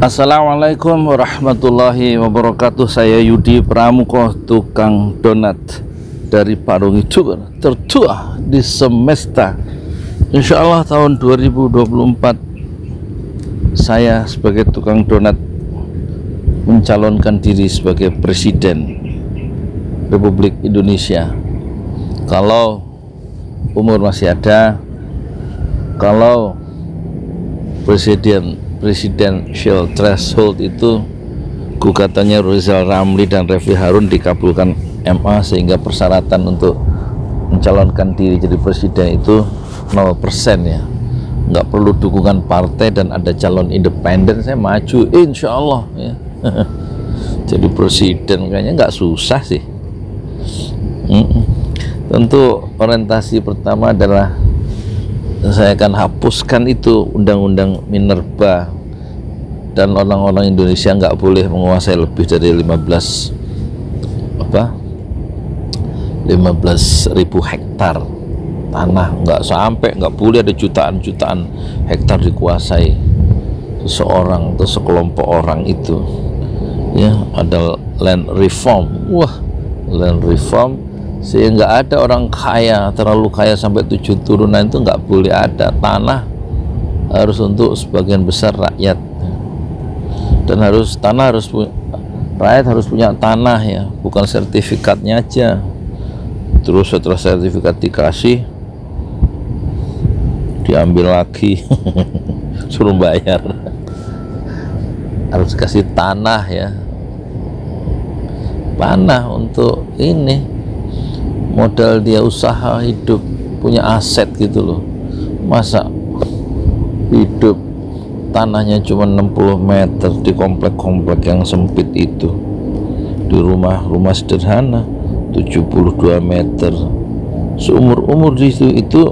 Assalamualaikum warahmatullahi wabarakatuh Saya Yudi Pramuko Tukang Donat Dari Parung Jubur Tertua di semesta Insya Allah tahun 2024 Saya sebagai tukang donat Mencalonkan diri sebagai Presiden Republik Indonesia Kalau umur masih ada Kalau Presiden presidential threshold itu gugatannya Rizal Ramli dan Refli Harun dikabulkan MA sehingga persyaratan untuk mencalonkan diri jadi presiden itu 0% ya nggak perlu dukungan partai dan ada calon independen saya maju insya Allah ya. jadi presiden kayaknya nggak susah sih tentu orientasi pertama adalah saya akan hapuskan itu undang-undang minerba dan orang-orang Indonesia nggak boleh menguasai lebih dari 15 apa 15 ribu hektar tanah nggak sampai nggak boleh ada jutaan-jutaan hektar dikuasai seseorang atau sekelompok orang itu ya ada land reform wah land reform sehingga ada orang kaya terlalu kaya sampai tujuh turunan itu nggak boleh ada tanah harus untuk sebagian besar rakyat dan harus tanah harus rakyat harus punya tanah ya bukan sertifikatnya aja terus setelah sertifikat dikasih diambil lagi suruh bayar harus kasih tanah ya tanah untuk ini modal dia usaha hidup punya aset gitu loh masa hidup tanahnya cuma 60 meter di komplek-komplek yang sempit itu di rumah-rumah sederhana 72 meter seumur-umur di situ itu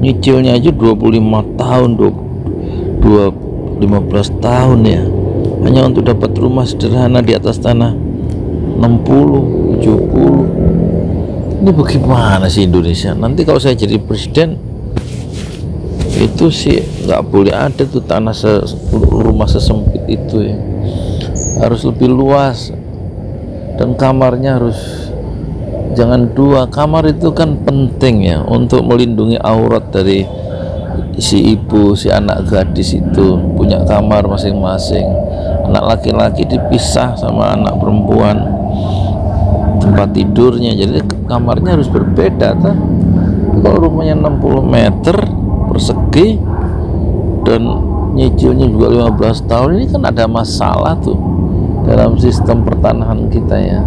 nyicilnya aja 25 tahun 22 15 tahun ya hanya untuk dapat rumah sederhana di atas tanah 60 70 ini bagaimana sih Indonesia nanti kalau saya jadi presiden itu sih nggak boleh ada tuh tanah se rumah sesempit itu ya harus lebih luas dan kamarnya harus jangan dua kamar itu kan penting ya untuk melindungi aurat dari si ibu si anak gadis itu punya kamar masing-masing anak laki-laki dipisah sama anak perempuan tempat tidurnya jadi kamarnya harus berbeda kan kalau rumahnya 60 meter gede dan nyicilnya juga 15 tahun ini kan ada masalah tuh dalam sistem pertanahan kita ya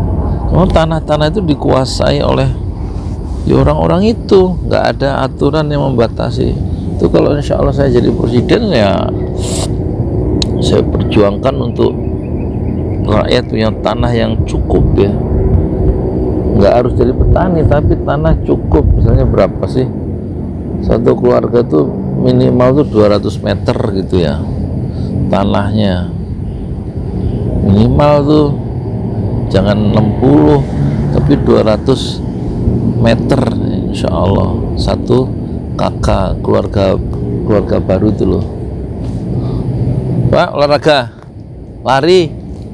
kalau tanah-tanah itu dikuasai oleh orang ya orang-orang itu nggak ada aturan yang membatasi itu kalau insya Allah saya jadi presiden ya saya perjuangkan untuk rakyat punya tanah yang cukup ya nggak harus jadi petani tapi tanah cukup misalnya berapa sih satu keluarga tuh minimal tuh 200 meter gitu ya tanahnya minimal tuh jangan 60 tapi 200 meter insya Allah satu kakak keluarga keluarga baru itu loh Pak olahraga lari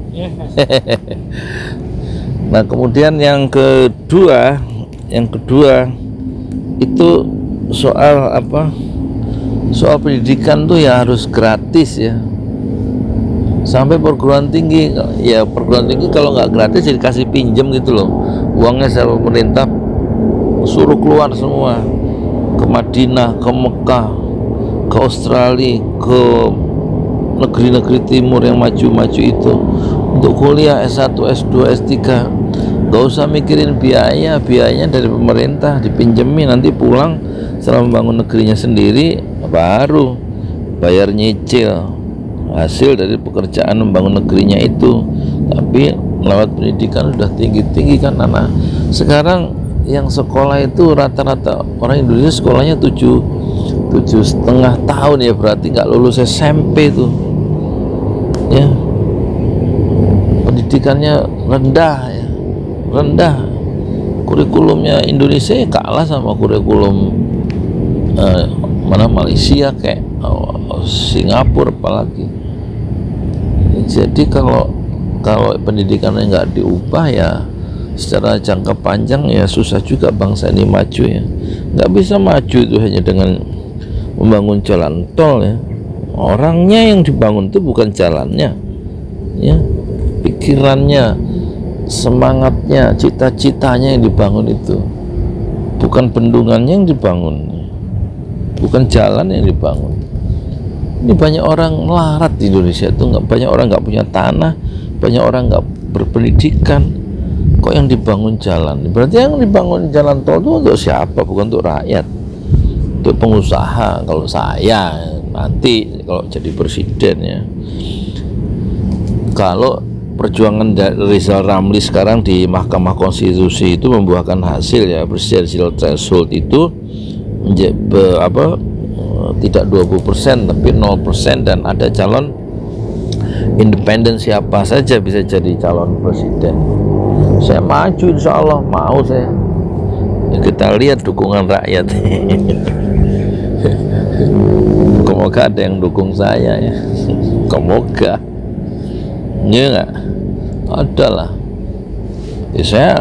yeah. nah kemudian yang kedua yang kedua itu soal apa soal pendidikan tuh ya harus gratis ya sampai perguruan tinggi ya perguruan tinggi kalau nggak gratis ya dikasih pinjam gitu loh uangnya sama pemerintah suruh keluar semua ke Madinah, ke Mekah, ke Australia, ke negeri-negeri timur yang maju-maju itu untuk kuliah S1, S2, S3 gak usah mikirin biaya biayanya dari pemerintah dipinjemin nanti pulang setelah membangun negerinya sendiri baru bayar nyicil hasil dari pekerjaan membangun negerinya itu tapi lewat pendidikan sudah tinggi-tinggi kan anak sekarang yang sekolah itu rata-rata orang Indonesia sekolahnya tujuh tujuh setengah tahun ya berarti nggak lulus SMP tuh ya pendidikannya rendah ya rendah kurikulumnya Indonesia ya kalah sama kurikulum uh, mana Malaysia kayak uh, Singapura apalagi jadi kalau kalau pendidikannya nggak diubah ya secara jangka panjang ya susah juga bangsa ini maju ya nggak bisa maju itu hanya dengan membangun jalan tol ya orangnya yang dibangun itu bukan jalannya ya pikirannya semangatnya cita-citanya yang dibangun itu bukan bendungannya yang dibangun bukan jalan yang dibangun ini banyak orang larat di Indonesia itu nggak banyak orang nggak punya tanah banyak orang nggak berpendidikan kok yang dibangun jalan berarti yang dibangun jalan tol itu untuk siapa bukan untuk rakyat untuk pengusaha kalau saya nanti kalau jadi presiden ya kalau perjuangan Rizal Ramli sekarang di Mahkamah Konstitusi itu membuahkan hasil ya presidensial threshold itu apa tidak 20% tapi 0% dan ada calon independen siapa saja bisa jadi calon presiden saya maju insya Allah mau saya ya, kita lihat dukungan rakyat kemoga ada yang dukung saya ya kemoga ya enggak ada lah ya, saya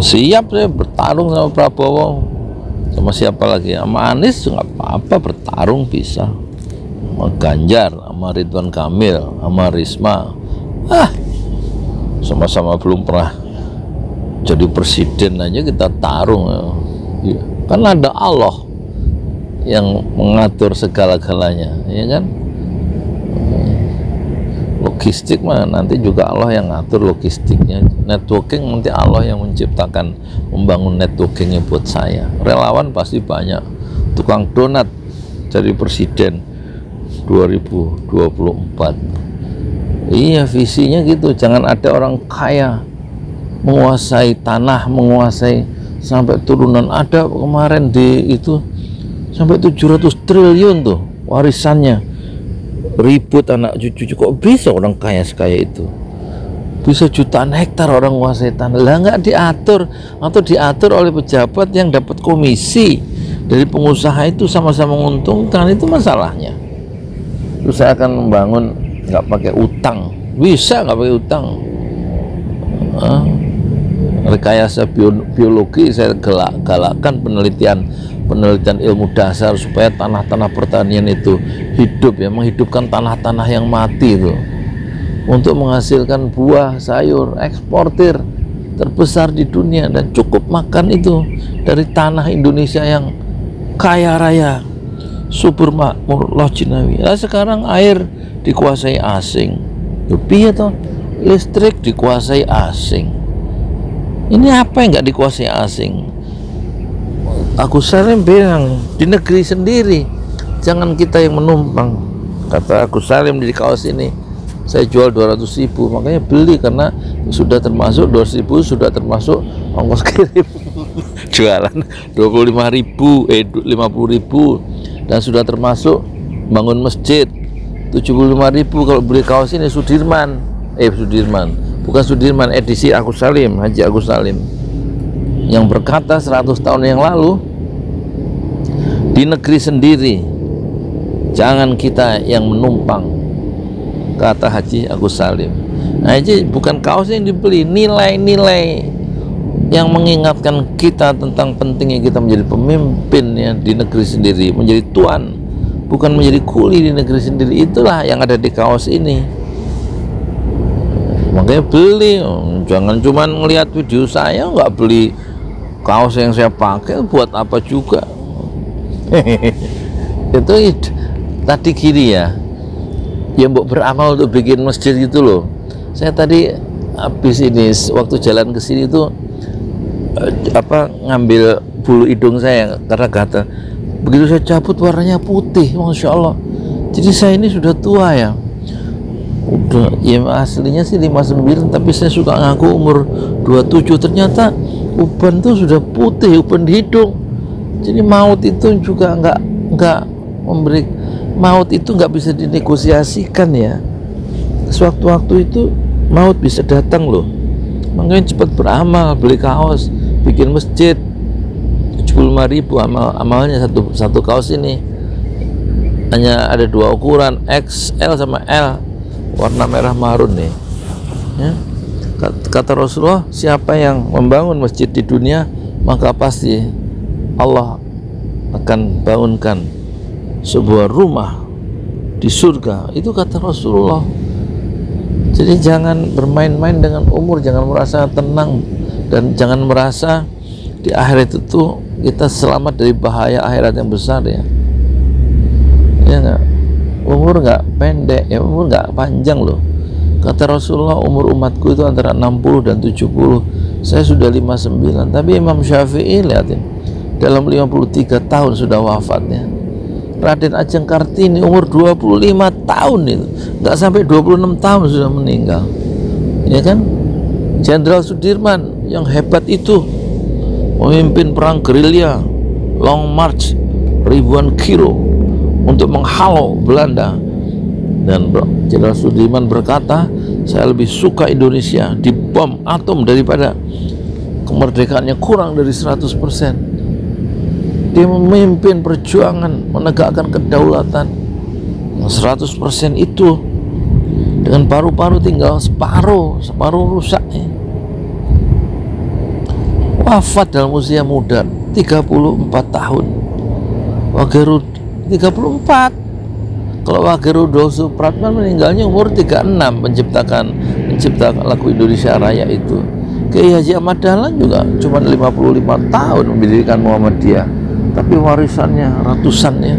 siap saya bertarung sama Prabowo sama siapa lagi sama Anies nggak apa-apa bertarung bisa sama Ganjar sama Ridwan Kamil sama Risma ah sama-sama belum pernah jadi presiden aja kita tarung ya. iya. kan ada Allah yang mengatur segala-galanya ya kan logistik mah nanti juga Allah yang ngatur logistiknya networking nanti Allah yang menciptakan membangun networkingnya buat saya relawan pasti banyak tukang donat jadi presiden 2024 iya visinya gitu jangan ada orang kaya menguasai tanah menguasai sampai turunan ada kemarin di itu sampai 700 triliun tuh warisannya ribut anak cucu kok bisa orang kaya sekaya itu bisa jutaan hektar orang menguasai tanah lah nggak diatur atau diatur oleh pejabat yang dapat komisi dari pengusaha itu sama-sama menguntungkan itu masalahnya terus saya akan membangun nggak pakai utang bisa nggak pakai utang nah, rekayasa biologi saya galak galakkan penelitian penelitian ilmu dasar supaya tanah-tanah pertanian itu hidup ya menghidupkan tanah-tanah yang mati itu untuk menghasilkan buah sayur eksportir terbesar di dunia dan cukup makan itu dari tanah Indonesia yang kaya raya subur makmur loh jinawi nah, sekarang air dikuasai asing lebih ya toh listrik dikuasai asing ini apa yang nggak dikuasai asing aku sering bilang di negeri sendiri jangan kita yang menumpang kata aku Salim di kaos ini saya jual 200 ribu makanya beli karena sudah termasuk 200 ribu sudah termasuk ongkos kirim jualan 25 ribu eh 50 ribu dan sudah termasuk bangun masjid 75 ribu kalau beli kaos ini Sudirman eh Sudirman bukan Sudirman edisi aku Salim Haji Agus Salim yang berkata 100 tahun yang lalu di negeri sendiri jangan kita yang menumpang kata Haji Agus Salim nah, Haji bukan kaos yang dibeli nilai-nilai yang mengingatkan kita tentang pentingnya kita menjadi pemimpin ya di negeri sendiri menjadi tuan bukan menjadi kuli di negeri sendiri itulah yang ada di kaos ini makanya beli jangan cuma ngelihat video saya nggak beli kaos yang saya pakai buat apa juga itu ide tadi kiri ya yang mbok beramal untuk bikin masjid gitu loh saya tadi habis ini waktu jalan ke sini itu eh, apa ngambil bulu hidung saya karena kata begitu saya cabut warnanya putih masya Allah jadi saya ini sudah tua ya udah ya aslinya sih 59 tapi saya suka ngaku umur 27 ternyata uban tuh sudah putih uban di hidung jadi maut itu juga nggak nggak memberi maut itu nggak bisa dinegosiasikan ya sewaktu-waktu itu maut bisa datang loh makanya cepat beramal beli kaos bikin masjid 75 ribu amal amalnya satu satu kaos ini hanya ada dua ukuran XL sama L warna merah marun nih ya. kata Rasulullah siapa yang membangun masjid di dunia maka pasti Allah akan bangunkan sebuah rumah di surga itu kata Rasulullah jadi jangan bermain-main dengan umur jangan merasa tenang dan jangan merasa di akhirat itu kita selamat dari bahaya akhirat yang besar ya ya gak? umur nggak pendek ya umur nggak panjang loh kata Rasulullah umur umatku itu antara 60 dan 70 saya sudah 59 tapi Imam Syafi'i lihat lihatin dalam 53 tahun sudah wafatnya Raden Ajeng Kartini umur 25 tahun itu nggak sampai 26 tahun sudah meninggal ya kan Jenderal Sudirman yang hebat itu memimpin perang gerilya Long March ribuan kilo untuk menghalau Belanda dan Jenderal Sudirman berkata saya lebih suka Indonesia dibom atom daripada kemerdekaannya kurang dari 100% persen dia memimpin perjuangan menegakkan kedaulatan 100% itu dengan paru-paru tinggal separuh separuh rusak wafat dalam usia muda 34 tahun Wageru 34 kalau Wageru Dosu Pratman meninggalnya umur 36 menciptakan menciptakan lagu Indonesia Raya itu Kiai Haji Ahmad Dahlan juga cuma 55 tahun mendirikan Muhammadiyah tapi warisannya ratusannya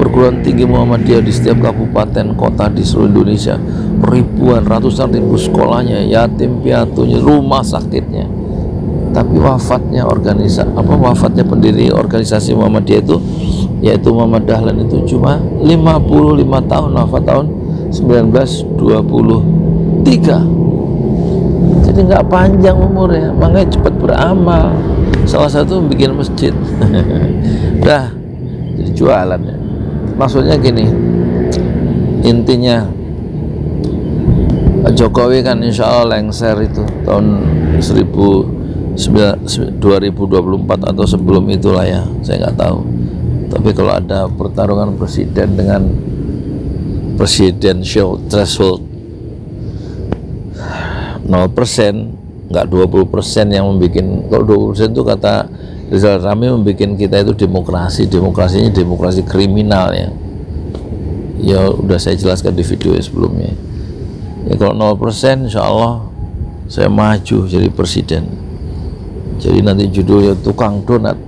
perguruan tinggi Muhammadiyah di setiap kabupaten kota di seluruh Indonesia ribuan ratusan ribu sekolahnya yatim piatunya rumah sakitnya tapi wafatnya organisasi apa wafatnya pendiri organisasi Muhammadiyah itu yaitu Muhammad Dahlan itu cuma 55 tahun wafat tahun 1923 jadi nggak panjang umurnya makanya cepat beramal salah satu bikin masjid dah jadi jualan ya. maksudnya gini intinya Jokowi kan insya Allah lengser itu tahun 2024 atau sebelum itulah ya saya nggak tahu tapi kalau ada pertarungan presiden dengan presiden show threshold 0 persen nggak 20 persen yang membuat kalau 20 persen itu kata Rizal Rami membuat kita itu demokrasi demokrasinya demokrasi kriminal ya ya udah saya jelaskan di video sebelumnya ya kalau 0 persen insya Allah saya maju jadi presiden jadi nanti judulnya tukang donat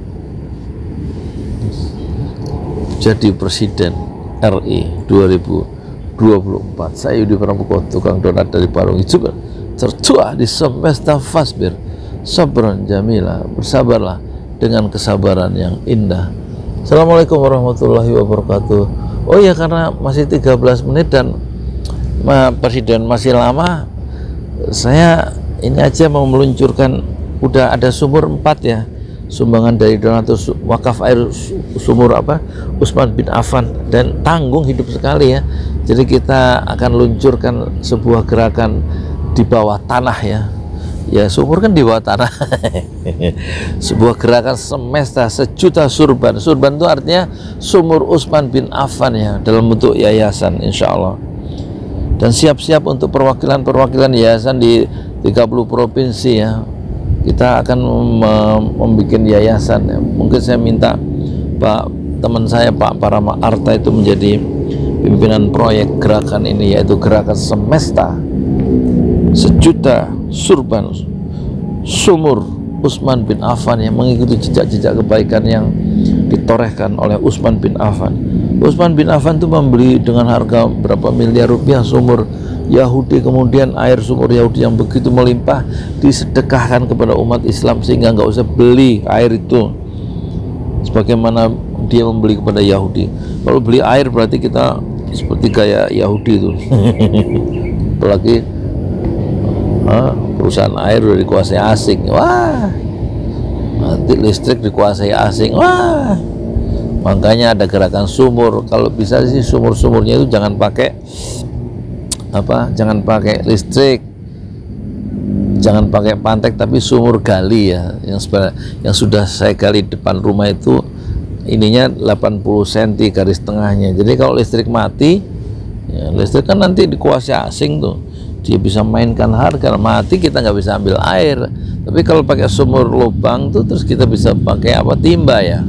jadi presiden RI 2024 saya Yudi Pramuko tukang donat dari Parung kan tertua di semesta fasbir sabron jamila bersabarlah dengan kesabaran yang indah Assalamualaikum warahmatullahi wabarakatuh oh ya karena masih 13 menit dan presiden masih lama saya ini aja mau meluncurkan udah ada sumur 4 ya sumbangan dari donatur wakaf air sumur apa Usman bin Affan dan tanggung hidup sekali ya jadi kita akan luncurkan sebuah gerakan di bawah tanah ya ya sumur kan di bawah tanah sebuah gerakan semesta sejuta surban surban itu artinya sumur Usman bin Affan ya dalam bentuk yayasan insya Allah dan siap-siap untuk perwakilan-perwakilan yayasan di 30 provinsi ya kita akan membuat yayasan ya. mungkin saya minta Pak teman saya Pak Parama Arta itu menjadi pimpinan proyek gerakan ini yaitu gerakan semesta sejuta surban sumur Usman bin Affan yang mengikuti jejak-jejak kebaikan yang ditorehkan oleh Usman bin Affan. Usman bin Affan itu membeli dengan harga berapa miliar rupiah sumur Yahudi kemudian air sumur Yahudi yang begitu melimpah disedekahkan kepada umat Islam sehingga nggak usah beli air itu sebagaimana dia membeli kepada Yahudi kalau beli air berarti kita seperti kayak Yahudi itu apalagi Hah? Eh, perusahaan air udah dikuasai asing wah nanti listrik dikuasai asing wah makanya ada gerakan sumur kalau bisa sih sumur-sumurnya itu jangan pakai apa jangan pakai listrik jangan pakai pantek tapi sumur gali ya yang yang sudah saya gali depan rumah itu ininya 80 cm garis tengahnya jadi kalau listrik mati ya, listrik kan nanti dikuasai asing tuh dia bisa mainkan harga mati kita nggak bisa ambil air tapi kalau pakai sumur lubang tuh terus kita bisa pakai apa timba ya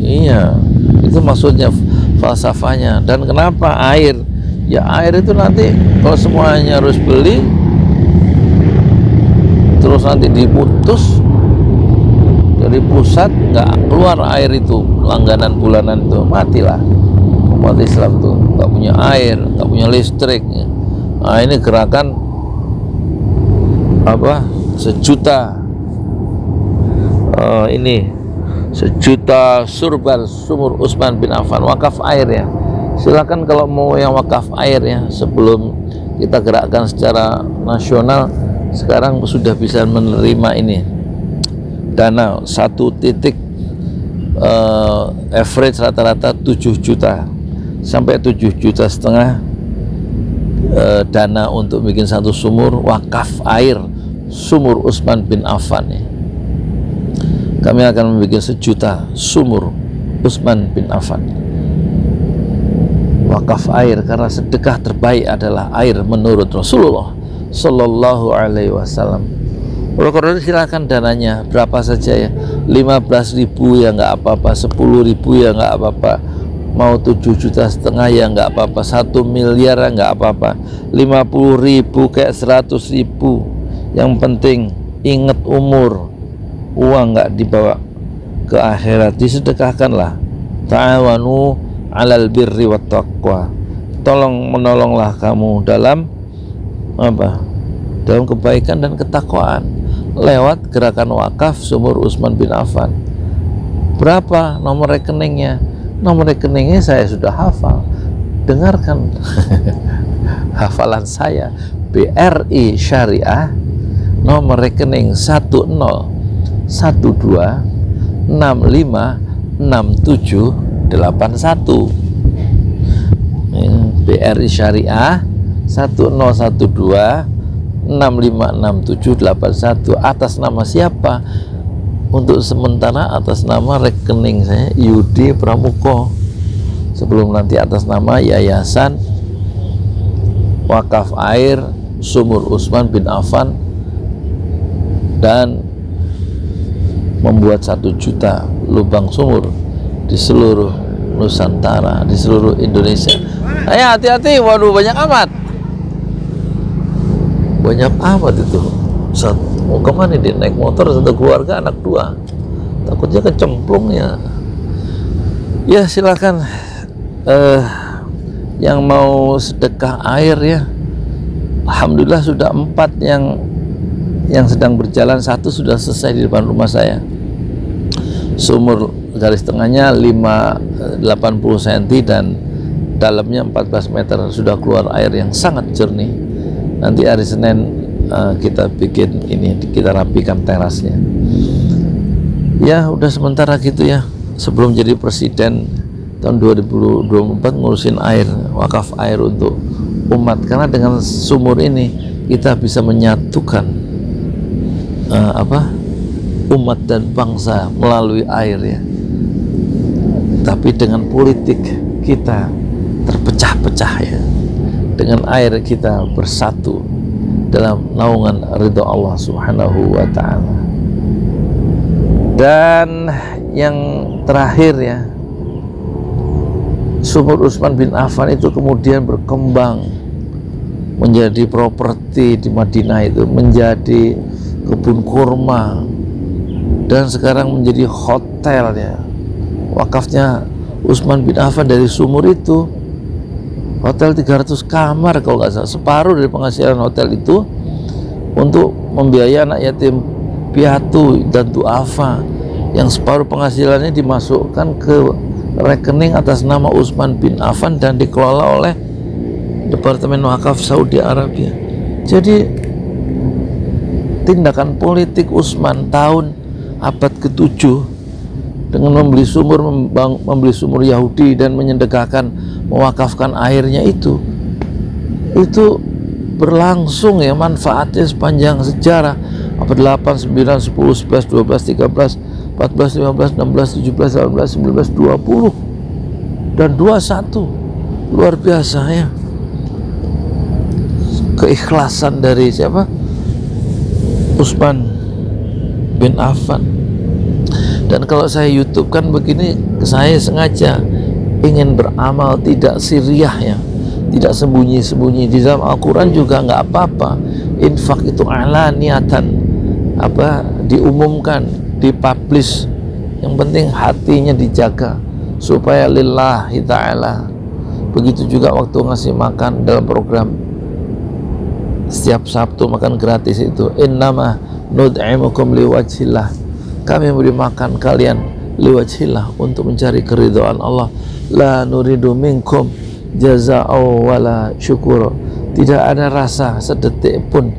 iya itu maksudnya falsafahnya dan kenapa air ya air itu nanti kalau semuanya harus beli terus nanti diputus dari pusat nggak keluar air itu langganan bulanan itu matilah umat Islam tuh nggak punya air nggak punya listrik ya nah, ini gerakan apa sejuta uh, ini sejuta surbar sumur Usman bin Affan wakaf air ya silakan kalau mau yang wakaf air ya sebelum kita gerakkan secara nasional sekarang sudah bisa menerima ini dana satu titik uh, average rata-rata 7 juta sampai 7 juta setengah e, dana untuk bikin satu sumur wakaf air sumur Usman bin Affan ya. Kami akan membuat sejuta sumur Usman bin Affan. Wakaf air karena sedekah terbaik adalah air menurut Rasulullah Shallallahu Alaihi Wasallam. Rokor-rokor silakan dananya berapa saja ya. 15 ribu ya nggak apa-apa, 10 ribu ya nggak apa-apa, mau 7 juta setengah ya nggak apa-apa satu miliar ya nggak apa-apa 50 ribu kayak 100 ribu yang penting ingat umur uang nggak dibawa ke akhirat disedekahkanlah ta'awanu alal birri wa taqwa tolong menolonglah kamu dalam apa dalam kebaikan dan ketakwaan lewat gerakan wakaf sumur Usman bin Affan berapa nomor rekeningnya nomor rekeningnya saya sudah hafal dengarkan hafalan saya BRI Syariah nomor rekening 10 ya, BRI Syariah 1012 atas nama siapa untuk sementara atas nama rekening saya Yudi Pramuko sebelum nanti atas nama Yayasan Wakaf Air Sumur Usman bin Affan dan membuat satu juta lubang sumur di seluruh Nusantara di seluruh Indonesia saya hati-hati waduh banyak amat banyak amat itu satu mau kemana dia naik motor satu keluarga anak dua takutnya kecemplungnya ya silakan uh, yang mau sedekah air ya Alhamdulillah sudah empat yang yang sedang berjalan satu sudah selesai di depan rumah saya sumur garis tengahnya 5, cm dan dalamnya 14 meter sudah keluar air yang sangat jernih nanti hari Senin uh, kita bikin ini kita rapikan terasnya ya udah sementara gitu ya sebelum jadi presiden tahun 2024 ngurusin air wakaf air untuk umat karena dengan sumur ini kita bisa menyatukan uh, apa umat dan bangsa melalui air ya tapi dengan politik kita terpecah-pecah ya dengan air kita bersatu dalam naungan ridho Allah Subhanahu wa taala. Dan yang terakhir ya sumur usman bin Affan itu kemudian berkembang menjadi properti di Madinah itu menjadi kebun kurma dan sekarang menjadi hotel ya wakafnya usman bin Affan dari sumur itu hotel 300 kamar kalau nggak salah separuh dari penghasilan hotel itu untuk membiayai anak yatim piatu dan duafa yang separuh penghasilannya dimasukkan ke rekening atas nama Usman bin Affan dan dikelola oleh Departemen Wakaf Saudi Arabia. Jadi tindakan politik Usman tahun abad ke-7 dengan membeli sumur membeli sumur Yahudi dan menyedekahkan mewakafkan airnya itu itu berlangsung ya manfaatnya sepanjang sejarah apa 8, 9, 10, 11, 12, 13, 14, 15, 16, 17, 18, 19, 20 dan 21 luar biasa ya keikhlasan dari siapa Usman bin Affan dan kalau saya YouTube kan begini saya sengaja ingin beramal tidak ya, tidak sembunyi-sembunyi di dalam Al-Quran juga nggak apa-apa infak itu ala niatan apa diumumkan dipublish yang penting hatinya dijaga supaya lillahi ta'ala begitu juga waktu ngasih makan dalam program setiap Sabtu makan gratis itu innama nud'imukum liwajhillah kami memberi makan kalian liwajhillah untuk mencari keridhaan Allah la nuridu minkum jaza'u wala syukur tidak ada rasa sedetik pun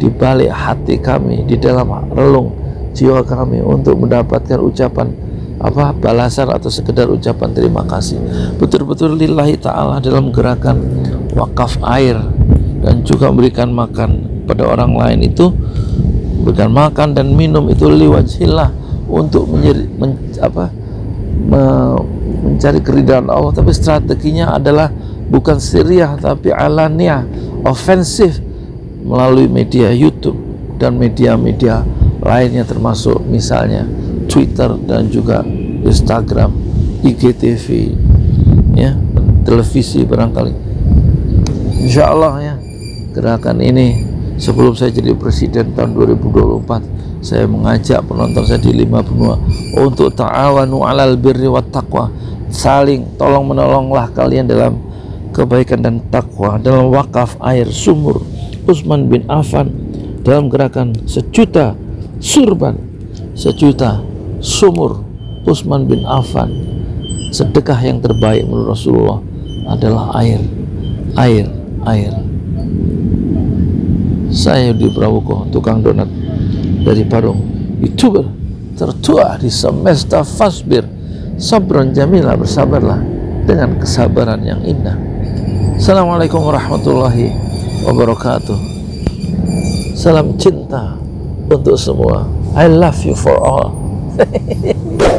di balik hati kami di dalam relung jiwa kami untuk mendapatkan ucapan apa balasan atau sekedar ucapan terima kasih betul-betul lillahi ta'ala dalam gerakan wakaf air dan juga memberikan makan pada orang lain itu berikan makan dan minum itu liwajillah untuk menjadi men, apa mencari keridhaan Allah tapi strateginya adalah bukan siriah tapi alania ofensif melalui media YouTube dan media-media lainnya termasuk misalnya Twitter dan juga Instagram, IGTV ya, televisi barangkali. Insya Allah ya gerakan ini Sebelum saya jadi presiden tahun 2024, saya mengajak penonton saya di lima benua untuk ta'awanu alal birri wat taqwa. Saling tolong menolonglah kalian dalam kebaikan dan takwa dalam wakaf air sumur Usman bin Affan dalam gerakan sejuta surban sejuta sumur Usman bin Affan sedekah yang terbaik menurut Rasulullah adalah air air air saya di Prabowo, tukang donat dari Parung youtuber tertua di semesta Fasbir Sabron Jamila bersabarlah dengan kesabaran yang indah Assalamualaikum warahmatullahi wabarakatuh Salam cinta untuk semua I love you for all